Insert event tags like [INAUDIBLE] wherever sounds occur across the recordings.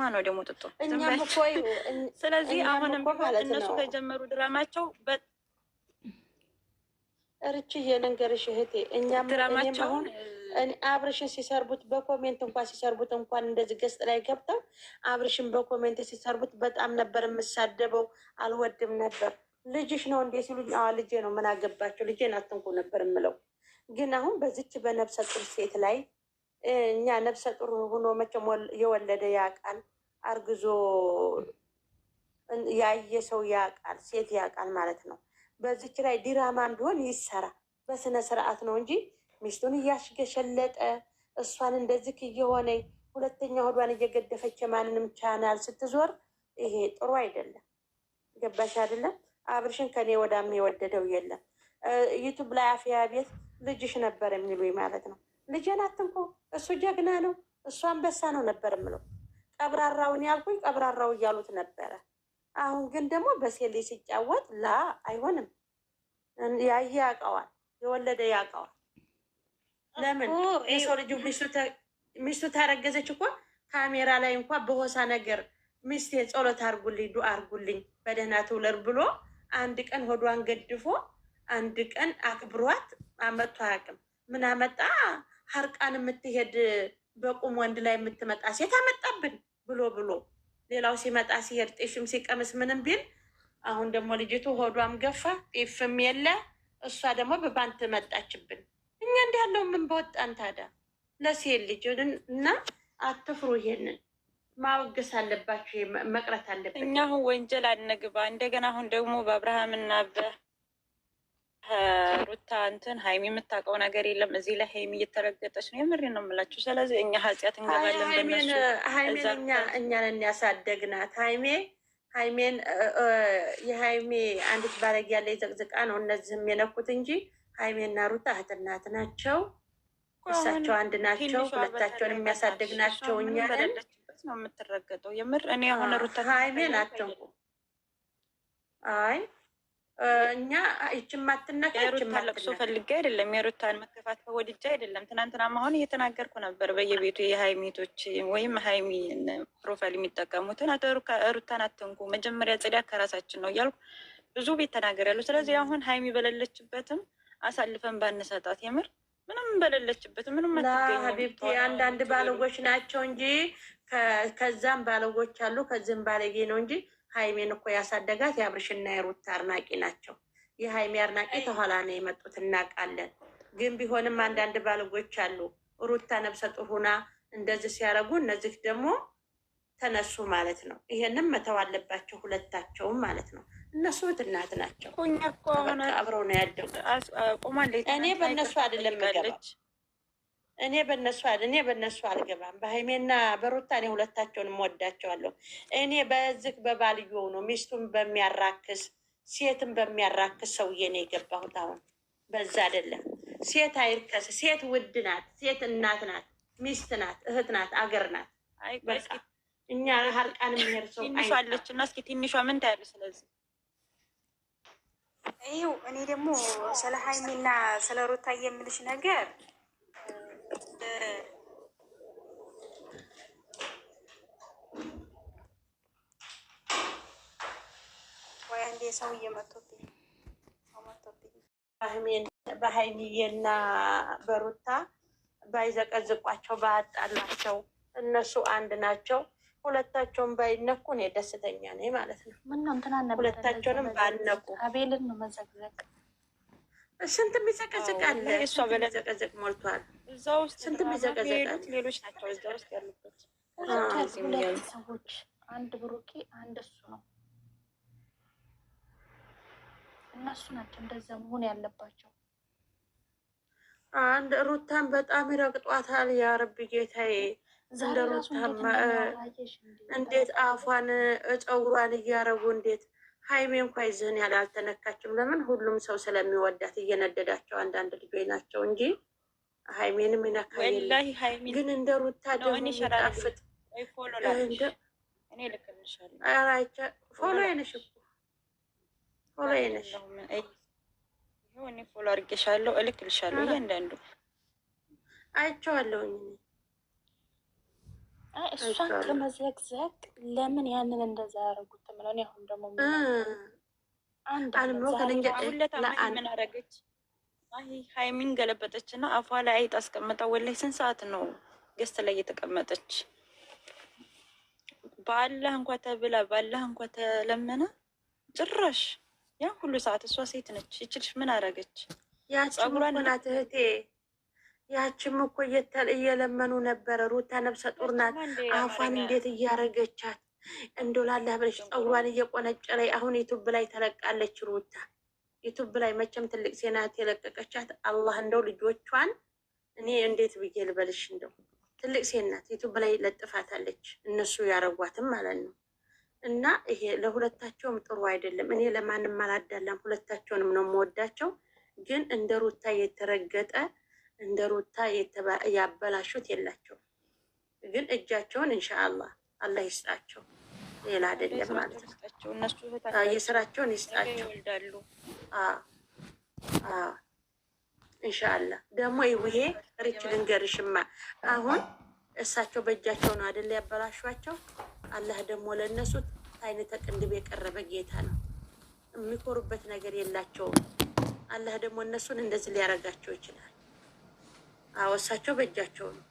ማነው ደግሞ ጥጡ። [LAUGHS] ስለዚህ አሁንም ቢሆን እነሱ ከጀመሩ ድራማቸው እርቺ የነገርሽ እህቴ እኛም ድራማቸውን አብርሽን ሲሰርቡት በኮሜንት እንኳን ሲሰርቡት እንኳን እንደዚህ ገጽ ላይ ገብተው አብርሽን በኮሜንት ሲሰርቡት በጣም ነበር የምሳደበው፣ አልወድም ነበር። ልጅሽ ነው እንዴ ሲሉ ልጄ ነው፣ ምን አገባቸው፣ ልጄን አትንኩ ነበር የምለው። ግን አሁን በዚች በነብሰ ጡር ሴት ላይ እኛ ነፍሰ ጡር ሆኖ መቼም የወለደ ያውቃል፣ አርግዞ ያየ ሰው ያውቃል፣ ሴት ያውቃል ማለት ነው። በዚች ላይ ዲራማም ቢሆን ይሰራ በስነ ስርዓት ነው እንጂ ሚስቱን እያሽገሸለጠ እሷን እንደዚህ እየሆነ ሁለተኛ ሆዷን እየገደፈች የማንንም ቻናል ስትዞር ይሄ ጥሩ አይደለም። ገባሽ አይደለም? አብርሽን ከኔ ወዳም የወደደው የለም። ዩቱብ ላይ አፍያ ቤት ልጅሽ ነበር የሚሉኝ ማለት ነው። ልጄን አትንኮ እሱ ጀግና ነው፣ እሱ አንበሳ ነው ነበር የምለው። ቀብራራውን ያልኩኝ ቀብራራው እያሉት ነበረ። አሁን ግን ደግሞ በሴሌ ሲጫወት ላ አይሆንም። ያየ ያውቀዋል፣ የወለደ ያውቀዋል። ለምን የሰው ልጁ ሚስቱ ታረገዘች እኮ ካሜራ ላይ እንኳ በሆሳ ነገር ሚስቴ ጸሎት አርጉልኝ፣ ዱ አርጉልኝ በደህና ትውለር ብሎ አንድ ቀን ሆዷን ገድፎ አንድ ቀን አክብሯት አመጥቶ አያውቅም። ምን አመጣ ሀርቃን የምትሄድ በቁም ወንድ ላይ የምትመጣ ሴት አመጣብን ብሎ ብሎ ሌላው ሲመጣ ሲሄድ ጤፍም ሲቀምስ ምንም ቢል፣ አሁን ደግሞ ልጅቱ ሆዷም ገፋ ጤፍም የለ እሷ ደግሞ በባንት መጣችብን። እኛ እንዲ ያለው ምን በወጣን ታዲያ? ለሴት ልጅ እና አትፍሩ። ይሄንን ማወገስ አለባቸው መቅረት አለበት። እኛ አሁን ወንጀል አንግባ። እንደገና አሁን ደግሞ እና በ ከሩታ እንትን ሀይሚ የምታውቀው ነገር የለም። እዚህ ላይ ሀይሚ እየተረገጠች ነው። የምሬ ነው የምላችሁ። ስለዚህ እኛ ኃጢአት እንገባለን። ሀይሜን እኛን ያሳደግናት ሀይሜ ሀይሜን የሀይሜ አንዲት ባለጌ ያለ ዘቅዝቃ ነው እነዚህም የነኩት እንጂ ሀይሜና ሩታ እህትናት ናቸው። እሳቸው አንድ ናቸው። ሁለታቸውን የሚያሳድግ ናቸው። እኛን ነው የምትረገጠው። የምር እኔ የሆነ ሩታ ሀይሜ ናቸው። አይ እኛ ይችን ማትነካ ለቅሶ ፈልጌ አይደለም፣ የሩታን መከፋት ወድጄ አይደለም። ትናንትና አሁን እየተናገርኩ ነበር። በየቤቱ የሀይሚቶች ወይም ሀይሚ ፕሮፋይል የሚጠቀሙትን ሩታን አትንኩ፣ መጀመሪያ ጽዳት ከራሳችን ነው እያልኩ ብዙ ቤት ተናገር ያሉ። ስለዚህ አሁን ሀይሚ በሌለችበትም አሳልፈን ባንሰጣት የምር ምንም በሌለችበት ምንም ሀቢብቲ አንዳንድ ባለጎች ናቸው እንጂ ከዛም ባለጎች አሉ፣ ከዚህም ባለጌ ነው እንጂ ሀይሜን እኮ ያሳደጋት የአብርሽና የሩታ አድናቂ ናቸው። የሀይሜ አድናቂ ተኋላ ነው የመጡት እናውቃለን። ግን ቢሆንም አንዳንድ ባለጎች አሉ። ሩታ ነብሰ ጡር ሆና እንደዚህ ሲያደረጉ እነዚህ ደግሞ ተነሱ ማለት ነው። ይሄንም መተው አለባቸው ሁለታቸውም ማለት ነው። እነሱ እናት ናቸው፣ አብረው ነው ያደጉ። እኔ በእነሱ አይደለም እኔ በነሱ እኔ በነሱ አልገባም። በሀይሜና በሩታ እኔ ሁለታቸውን ወዳቸዋለሁ። እኔ በዚህ በባልየው ነው ሚስቱን በሚያራክስ ሴትን በሚያራክስ ሰውዬ ነው የገባሁት። አሁን በዛ አይደለም። ሴት አይርከስ። ሴት ውድ ናት። ሴት እናት ናት፣ ሚስት ናት፣ እህት ናት፣ አገር ናት። እኛ ሀርቃን የምንሄድ ሰው አለች እና እስኪ ትንሿ ምን ታያሉ? ስለዚህ ይኸው እኔ ደግሞ ስለ ሀይሜና ስለ ሩታ የምልሽ ነገር ወይ አንዴ ሰው እየመጡብኝ በሀይሚዬና በሩታ ባይዘቀዝቋቸው ባያጣላቸው እነሱ አንድ ናቸው። ሁለታቸውን ባይነኩ እኔ ደስተኛ ነኝ ማለት ነው። ሁለታቸውንም ባነኩ አቤልን ነው መዘግዘቅ ስንት የሚዘቀዘቃል የሚዘቀዘቅ ሞልቷል። ስንት የሚዘቀዘቃል ሌሎች ናቸው እዛ ውስጥ ያሉበት ሰዎች አንድ ብሩኬ አንድ እሱ ነው። እነሱ ናቸው እንደዛ መሆን ያለባቸው። አንድ ሩታን በጣም ይረግጧታል። ያረብ ጌታዬ እንደ ሩታ እንዴት አፏን ጨጉሯን እያረጉ እንዴት ሀይሜ እንኳ ይዝህን ያህል አልተነካችም። ለምን ሁሉም ሰው ስለሚወዳት እየነደዳቸው አንዳንድ ልጆች ናቸው እንጂ ሀይሜንም ይነካ ግን እንደ ሩታ ደግሞ ይጣፍጥ ፎሎ ነሽ ፎሎ ነሽ ፎሎ አድርጌሻለሁ፣ እልክልሻለሁ እያንዳንዱ አይቼዋለሁኝ። እሷን ከመዘግዘግ ለምን ያንን እንደዛ ያደረጉት ምለን አሁን ደግሞ ሀይሚን ገለበጠች እና አፏ ላይ አይጥ አስቀምጣ። ወላሂ ስንት ሰዓት ነው ገስት ላይ የተቀመጠች? በአላህ እንኳ ተብላ ባላህ እንኳ ተለመነ ጭራሽ ያ ሁሉ ሰዓት እሷ ሴት ነች። ይችልሽ ምን አደረገች? ያ ጸጉሯን እህቴ ያችም እኮ እየለመኑ ነበረ። ሩታ ነብሰ ጡር ናት። አፏን እንዴት እያረገቻት እንዶላላ ብለሽ ጸጉሯን እየቆነጨረ አሁን ዩቱብ ላይ ተለቃለች። ሩታ ዩቱብ ላይ መቼም ትልቅ ሴናት የለቀቀቻት አላህ እንደው ልጆቿን እኔ እንዴት ብዬ ልበልሽ እንደው ትልቅ ሴናት ዩቱብ ላይ ለጥፋታለች። እነሱ ያረጓትም ማለት ነው። እና ይሄ ለሁለታቸውም ጥሩ አይደለም። እኔ ለማንም አላዳላም፣ ሁለታቸውንም ነው የምወዳቸው። ግን እንደ ሩታ የተረገጠ እንደ ሩታ ያበላሹት የላቸውም፣ ግን እጃቸውን እንሻአላ አላህ ይስጣቸው። ሌላ አይደለም ማለት ነው። የስራቸውን ይስጣቸው እንሻአላ ደግሞ ይሄ ሪች ልንገርሽማ አሁን እሳቸው በእጃቸው ነው አይደል ያበላሿቸው። አላህ ደግሞ ለእነሱ አይነተ ቅንድብ የቀረበ ጌታ ነው። የሚኮሩበት ነገር የላቸውም። አላህ ደግሞ እነሱን እንደዚህ ሊያረጋቸው ይችላል። አወሳቸው በእጃቸው ነው።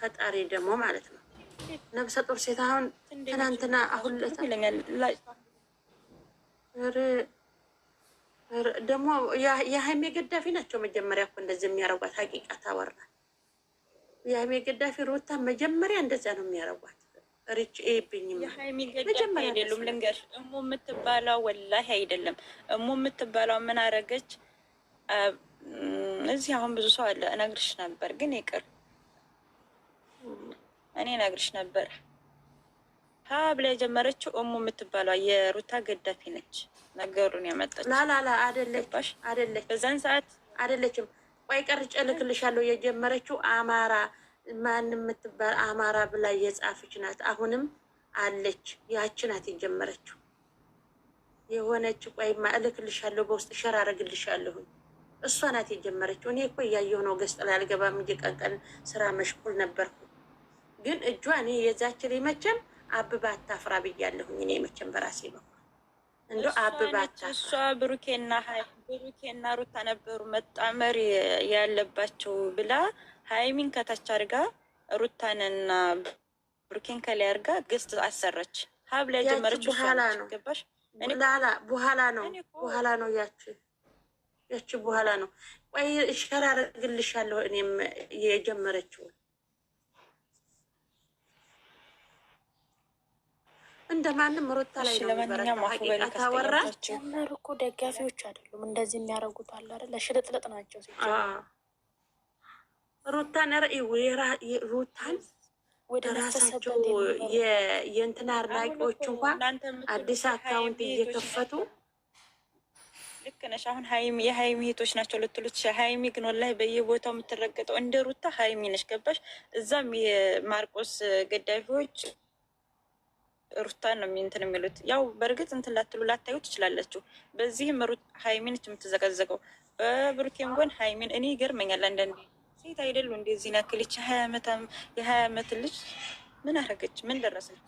ፈጣሪ ደግሞ ማለት ነው። ነብሰ ጡር ሴት አሁን ትናንትና አሁን ደግሞ የሀይሜ ገዳፊ ናቸው። መጀመሪያ እኮ እንደዚህ የሚያረጓት ሀቂቃ ታወራ የሀይሜ ገዳፊ ሩታ መጀመሪያ እንደዚያ ነው የሚያረጓት። ሪች አይደሉም። ልንገርሽ የምትባለው ወላሂ አይደለም። እሞ የምትባለው ምን አረገች? እዚህ አሁን ብዙ ሰው አለ። እነግርሽ ነበር ግን ይቅር። እኔ እነግርሽ ነበር። ሀ ብላ የጀመረችው እሙ የምትባለው የሩታ ገዳፊ ነች። ነገሩን ያመጣች ላላላ አደለች አደለች። በዛን ሰዓት አደለችም። ቆይ ቀርጬ እልክልሻለሁ። የጀመረችው አማራ ማን የምትባል አማራ ብላ የጻፈች ናት። አሁንም አለች። ያች ናት የጀመረችው የሆነች። ቆይማ እልክልሻለሁ፣ በውስጥ ሸር አረግልሻለሁኝ እሷ ናት የጀመረችው። እኔ እኮ እያየሁ ነው ገስጥ ላይ አልገባም እየቀንቀን ስራ መሽኩል ነበርኩ። ግን እጇ እኔ የዛች ላይ መቼም አብባ አታፍራ ብያለሁኝ። እኔ መቼም በራሴ በኩል እንደ አብባ እሷ ብሩኬና ብሩኬና ሩታ ነበሩ መጣመር ያለባቸው ብላ ሀይሚን ከታች አድርጋ ሩታንና ብሩኬን ከላይ አድርጋ ገስት አሰረች። ሀብ ላይ ጀመረች። በኋላ ነው በኋላ ነው በኋላ ነው ያችን ካስወጣች በኋላ ነው። ቆይ ሸር አደርግልሻለሁ እኔም የጀመረችው እንደማንም ሩታ ላይ ነው። ለማንኛውም አወራ ጀመር እኮ ደጋፊዎች አይደሉም እንደዚህ የሚያደርጉት አለ አይደል? ሽልጥልጥ ናቸው። ሩታን ሩታን ወደ ራሳቸው የእንትን አድናቂዎች እንኳን አዲስ አካውንት እየከፈቱ ልክ ነሽ። አሁን ሀይሚ የሀይሚ ሂቶች ናቸው ልትሉት ሀይሚ ግን ወላሂ በየቦታው የምትረገጠው እንደ ሩታ ሀይሚ ነሽ። ገባሽ? እዛም የማርቆስ ገዳፊዎች ሩታን ነው እንትን የሚሉት። ያው በእርግጥ እንትን ላትሉ ላታዩ ትችላላችሁ። በዚህም ሀይሚ ነች የምትዘቀዘቀው፣ በብሩኬም ጎን ሀይሚን እኔ ይገርመኛል። አንዳንዴ ሴት አይደሉ እንደዚህ ናክልች የሀያ ዓመት ልጅ ምን አረገች? ምን ደረሰች?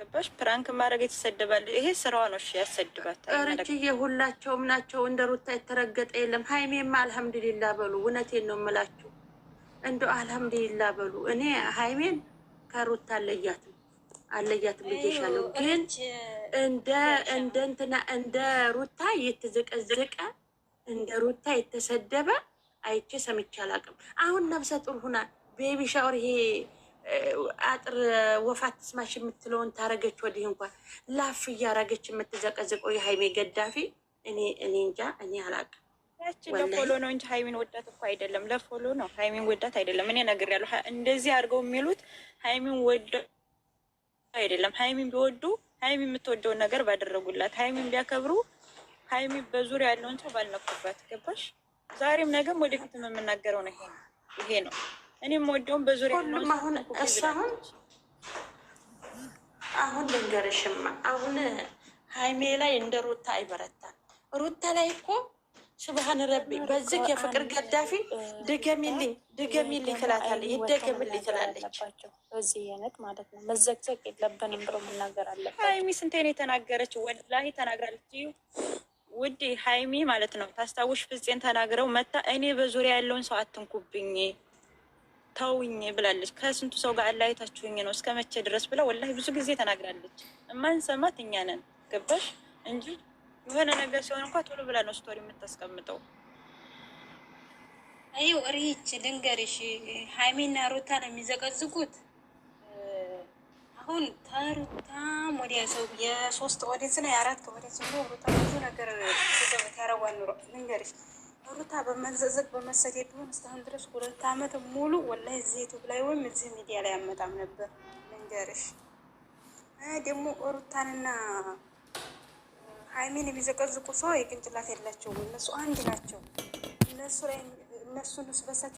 ገባሽ? ፕራንክ ማድረግ የተሰደባል። ይሄ ስራዋ ነው። እሺ ያሰድባት ረች የሁላቸውም ናቸው። እንደ ሩታ የተረገጠ የለም። ሀይሜማ አልሐምድሊላ በሉ። እውነቴን ነው የምላችሁ። እንደ አልሐምድሊላ በሉ። እኔ ሀይሜን ከሩታ አለያትም አለያትም ብዬሻለሁ። ግን እንደ እንደ እንትና እንደ ሩታ የተዘቀዘቀ እንደ ሩታ የተሰደበ አይቼ ሰምቼ አላውቅም። አሁን ነብሰ ጡር ሁና ቤቢ ሻወር ይሄ አጥር ወፋት ስማሽ የምትለውን ታረገች። ወዲህ እንኳን ላፍ እያረገች የምትዘቀዝቀው የሀይሜ ገዳፊ እኔ እኔ እንጃ እኔ አላቅም። ያቺ ለፎሎ ነው እንጂ ሀይሚን ወዳት እኮ አይደለም። ለፎሎ ነው ሀይሚን ወዳት አይደለም። እኔ ነግሬያለሁ። እንደዚህ አድርገው የሚሉት ሀይሚን ወደ አይደለም። ሀይሚን ቢወዱ ሀይሚ የምትወደውን ነገር ባደረጉላት፣ ሀይሚን ቢያከብሩ፣ ሀይሚ በዙሪያ ያለውን ሰው ባልነኩበት። ገባሽ? ዛሬም ነገም ወደፊትም የምናገረው ነው ይሄ ነው ይሄ ነው እኔም ወደውም በዙሪያ ሁሉም አሁን እሳሁን አሁን ልንገርሽማ አሁን ሀይሜ ላይ እንደ ሩታ አይበረታም። ሩታ ላይ እኮ ስብሀን ረቢ በዚህ የፍቅር ገዳፊ ድገሚልኝ ድገሚልኝ ትላታለች፣ ይደገምልኝ ትላለች። በዚህ አይነት ማለት ነው መዘግዘግ የለብንም ብሎ መናገር አለበት። ሀይሚ ስንቴን የተናገረች ወላሂ ተናግራለች። ውድ ሀይሚ ማለት ነው ታስታውሽ ፍጼን ተናግረው መታ እኔ በዙሪያ ያለውን ሰው አትንኩብኝ ተውኝ ብላለች። ከስንቱ ሰው ጋር አላይታችሁኝ ነው እስከ መቼ ድረስ ብላ ወላሂ ብዙ ጊዜ ተናግራለች። የማንሰማት እኛ ነን ገባሽ እንጂ የሆነ ነገር ሲሆን እንኳ ቶሎ ብላ ነው ስቶሪ የምታስቀምጠው። ይው ሪች ልንገርሽ፣ ሀይሜና ሩታ ነው የሚዘቀዝቁት። አሁን ተሩታ ወዲያ ሰው የሶስት ኦዲንስ ና የአራት ኦዲንስ ሩታ ብዙ ነገር ያረጓል ኑሮ ልንገርሽ ሩታ በመዘዘግ በመሰደድ ቢሆን እስካሁን ድረስ ሁለት ዓመት ሙሉ ወላሂ እዚህ ዩቱብ ላይ ወይም እዚህ ሚዲያ ላይ አመጣም ነበር። መንገርሽ ደግሞ ሩታንና ሀይሜን የሚዘቀዝቁ ሰው የቅንጭላት የላቸው እነሱ አንድ ናቸው። እነሱ ላይ እነሱን በሳቸው